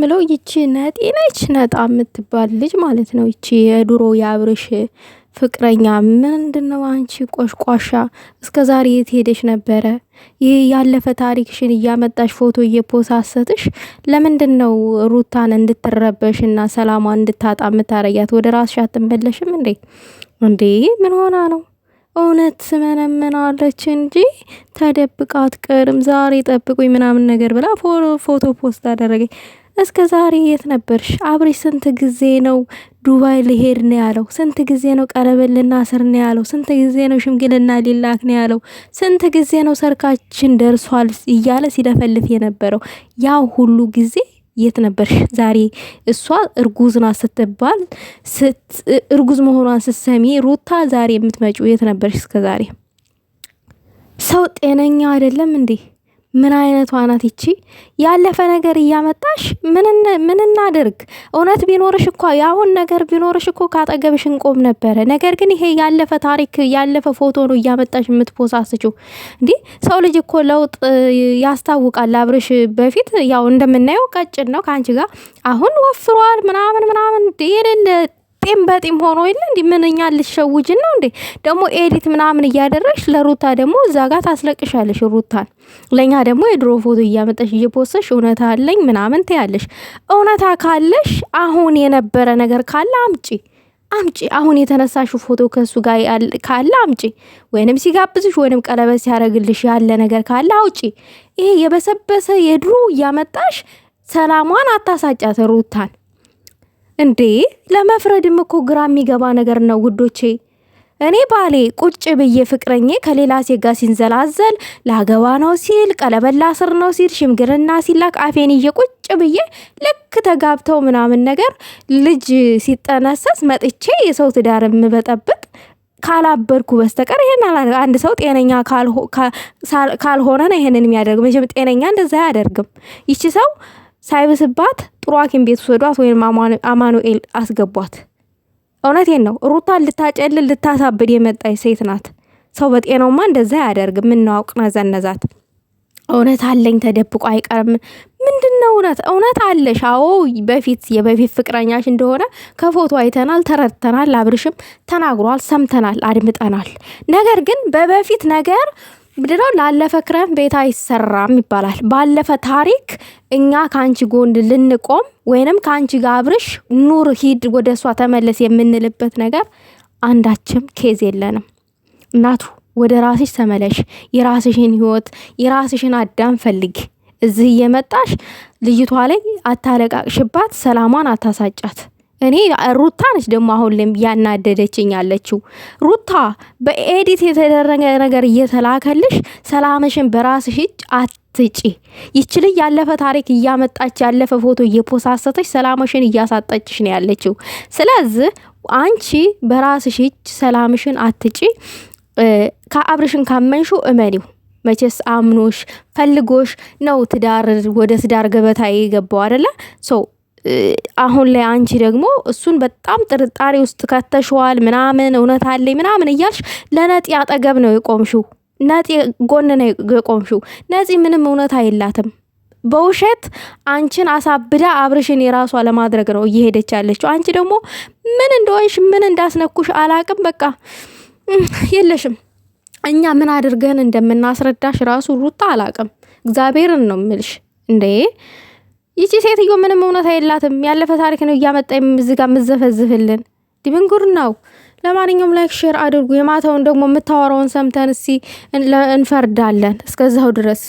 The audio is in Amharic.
የምለው ይቺ ነጤ ነች ነጣ የምትባል ልጅ ማለት ነው። ይቺ የድሮ የአብርሽ ፍቅረኛ ምንድነው ነው? አንቺ ቆሽቋሻ እስከ ዛሬ የት ሄደሽ ነበረ? ይህ ያለፈ ታሪክሽን እያመጣሽ ፎቶ እየፖሳሰትሽ ለምንድን ነው ሩታን እንድትረበሽ እና ሰላሟን እንድታጣ የምታረያት ወደ ራስሽ አትመለሽም እንዴ? እንዴ ምን ሆና ነው? እውነት ስመነመናለች እንጂ ተደብቃ አትቀርም። ዛሬ ጠብቁኝ ምናምን ነገር ብላ ፎቶ ፖስት አደረገኝ። እስከ ዛሬ የት ነበርሽ? አብርሽ ስንት ጊዜ ነው ዱባይ ልሄድ ነው ያለው? ስንት ጊዜ ነው ቀለበት ልናስር ነው ያለው? ስንት ጊዜ ነው ሽምግልና ሊላክ ነው ያለው? ስንት ጊዜ ነው ሰርካችን ደርሷል እያለ ሲለፈልፍ የነበረው? ያው ሁሉ ጊዜ የት ነበርሽ? ዛሬ እሷ እርጉዝ ናት ስትባል እርጉዝ መሆኗን ስትሰሚ ሩታ ዛሬ የምትመጪው የት ነበርሽ? እስከ ዛሬ ሰው ጤነኛ አይደለም እንዴ? ምን አይነቷ ናት ይቺ? ያለፈ ነገር እያመጣሽ ምን እናድርግ? እውነት ቢኖርሽ እኮ የአሁን ነገር ቢኖርሽ እኮ ካጠገብሽ እንቆም ነበረ። ነገር ግን ይሄ ያለፈ ታሪክ ያለፈ ፎቶ ነው እያመጣሽ የምትፖሳስችው። እንዲህ ሰው ልጅ እኮ ለውጥ ያስታውቃል። አብርሽ በፊት ያው እንደምናየው ቀጭን ነው ከአንቺ ጋር፣ አሁን ወፍሯል ምናምን ምናምን ጢም በጢም ሆኖ የለ እንዲ ምንኛ ልሸውጅን ነው እንዴ? ደግሞ ኤዲት ምናምን እያደረግሽ ለሩታ ደግሞ እዛ ጋር ታስለቅሻለሽ ሩታን። ለእኛ ደግሞ የድሮ ፎቶ እያመጠሽ እየፖሰሽ እውነት አለኝ ምናምን ትያለሽ። እውነታ ካለሽ አሁን የነበረ ነገር ካለ አምጪ አምጪ። አሁን የተነሳሽ ፎቶ ከሱ ጋር ካለ አምጪ። ወይንም ሲጋብዝሽ ወይንም ቀለበት ሲያደርግልሽ ያለ ነገር ካለ አውጪ። ይሄ የበሰበሰ የድሮ እያመጣሽ ሰላሟን አታሳጫት ሩታን። እንዴ ለመፍረድም እኮ ግራ የሚገባ ነገር ነው ውዶቼ። እኔ ባሌ ቁጭ ብዬ ፍቅረኜ ከሌላ ሴት ጋር ሲንዘላዘል ላገባ ነው ሲል ቀለበላ ስር ነው ሲል ሽምግልና ሲላክ አፌን እየ ቁጭ ብዬ ልክ ተጋብተው ምናምን ነገር ልጅ ሲጠነሰስ መጥቼ የሰው ትዳር የምበጠብጥ ካላበድኩ በስተቀር ይሄን አንድ ሰው ጤነኛ ካልሆነ ነው ይሄንን የሚያደርግ። መቼም ጤነኛ እንደዛ አያደርግም። ይቺ ሰው ሳይብስባት ጥሩ ሐኪም ቤት ውሰዷት ወይም አማኑኤል አስገቧት። እውነቴን ነው። ሩታ ልታጨልል ልታሳብድ የመጣች ሴት ናት። ሰው በጤናውማ እንደዛ ያደርግ የምናውቅ ነዘነዛት። እውነት አለኝ ተደብቆ አይቀርም። ምንድን ነው እውነት? እውነት አለሽ። አዎ በፊት የበፊት ፍቅረኛሽ እንደሆነ ከፎቶ አይተናል፣ ተረድተናል። አብርሽም ተናግሯል፣ ሰምተናል፣ አድምጠናል። ነገር ግን በበፊት ነገር ምንድነው ላለፈ ክረም ቤት አይሰራም ይባላል። ባለፈ ታሪክ እኛ ከአንቺ ጎን ልንቆም ወይንም ከአንቺ ጋር አብርሽ ኑር፣ ሂድ፣ ወደ እሷ ተመለስ የምንልበት ነገር አንዳችም ኬዝ የለንም። እናቱ ወደ ራስሽ ተመለሽ። የራስሽን ህይወት የራስሽን አዳም ፈልጊ። እዚህ እየመጣሽ ልዩቷ ላይ አታለቃቅሽባት፣ ሰላሟን አታሳጫት። እኔ ሩታ ነች ደግሞ አሁን ላይም ያናደደችኝ ያለችው ሩታ በኤዲት የተደረገ ነገር እየተላከልሽ ሰላምሽን በራስሽ እጅ አትጪ። ይችል ያለፈ ታሪክ እያመጣች ያለፈ ፎቶ እየፖሳሰተች ሰላምሽን እያሳጠችሽ ነው ያለችው። ስለዚህ አንቺ በራስሽ እጅ ሰላምሽን አትጪ። ከአብርሽን ካመንሹ እመኒው። መቼስ አምኖሽ ፈልጎሽ ነው ትዳር ወደ ትዳር ገበታ የገባው አደለ ሰው አሁን ላይ አንቺ ደግሞ እሱን በጣም ጥርጣሬ ውስጥ ከተሸዋል ምናምን እውነት አለኝ ምናምን እያልሽ ለነጢ አጠገብ ነው የቆምሽው። ነጢ ጎን ነው የቆምሽው። ነጺ ምንም እውነት የላትም። በውሸት አንቺን አሳብዳ አብርሽን የራሷ ለማድረግ ነው እየሄደች ያለችው። አንቺ ደግሞ ምን እንደሆንሽ ምን እንዳስነኩሽ አላቅም። በቃ የለሽም። እኛ ምን አድርገን እንደምናስረዳሽ ራሱ ሩታ አላቅም። እግዚአብሔርን ነው ምልሽ እንዴ ይቺ ሴትዮ ምንም እውነት የላትም። ያለፈ ታሪክ ነው እያመጣ የምዝጋ የምዘፈዝፍልን ድብንጉር ነው። ለማንኛውም ላይክ፣ ሼር አድርጉ። የማታውን ደግሞ የምታወራውን ሰምተን እስኪ እንፈርዳለን። እስከዛው ድረስ